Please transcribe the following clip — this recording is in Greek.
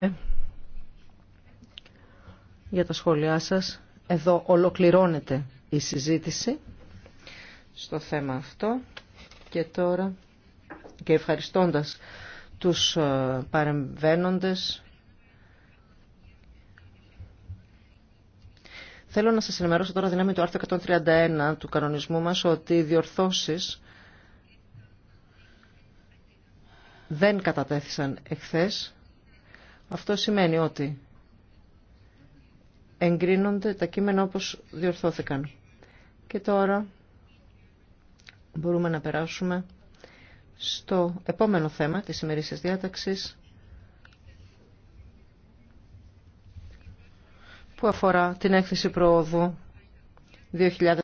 Ε, για τα σχόλιά σας. Εδώ ολοκληρώνεται η συζήτηση στο θέμα αυτό και τώρα και ευχαριστώντας τους ε, παρεμβαίνοντες Θέλω να σας ενημερώσω τώρα δυνάμει του άρθρο 131 του κανονισμού μας ότι οι διορθώσεις δεν κατατέθησαν εχθές αυτό σημαίνει ότι εγκρίνονται τα κείμενα όπως διορθώθηκαν. Και τώρα μπορούμε να περάσουμε στο επόμενο θέμα της ημερήσιας διάταξης που αφορά την έκθεση προόδου